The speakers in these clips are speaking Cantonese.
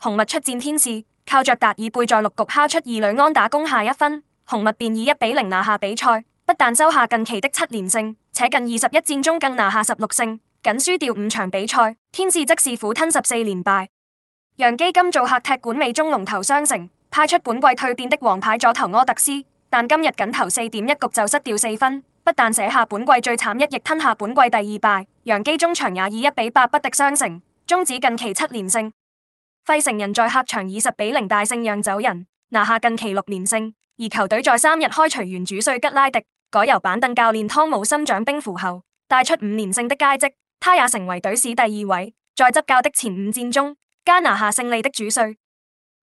紅襪出戰天使，靠着達爾貝在六局敲出二壘安打攻下一分，紅襪便以一比零拿下比賽。不但收下近期的七連勝，且近二十一戰中更拿下十六勝，僅輸掉五場比賽。天使則是苦吞十四連敗。洋基今做客踢館美中龍頭雙城，派出本季蛻變的王牌左投柯特斯，但今日僅投四點一局就失掉四分，不但寫下本季最慘一役，吞下本季第二敗。洋基中場也以一比八不敵雙城，終止近期七連勝。費城人在客場以十比零大勝讓走人，拿下近期六連勝。而球隊在三日開除原主帥吉拉迪，改由板凳教練湯姆森掌兵符後，帶出五連勝的佳績。他也成為隊史第二位在執教的前五戰中皆拿下勝利的主帥。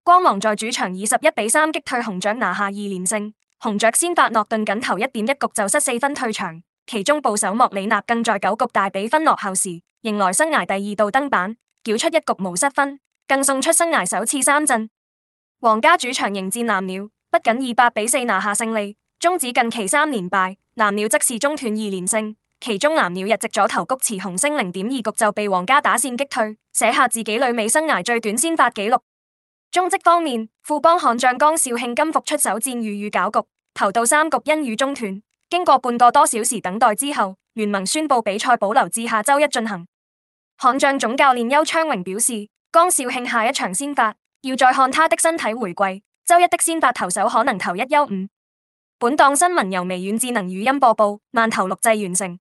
光芒在主場以十一比三擊退紅雀，拿下二連勝。紅雀先發諾頓僅投一點一局就失四分退場，其中捕手莫里納更在九局大比分落後時迎來生涯第二度登板，繳出一局無失分，更送出生涯首次三振，皇家主場迎戰藍鳥，不僅以八比四拿下勝利，終止近期三連敗；藍鳥則是中斷二連勝。其中藍鳥日籍左投菊池雄星零點二局就被皇家打線擊退，寫下自己旅美生涯最短先發紀錄。中職方面，富邦悍將江少慶今復出手戰與雨攪局，投到三局因雨中斷，經過半個多小時等待之後，聯盟宣佈比賽保留至下周一進行。悍將總教練邱昌榮表示。江少慶下一場先發，要再看他的身體回歸。周一的先發投手可能投一休五。本檔新聞由微軟智能語音播報，慢投錄製完成。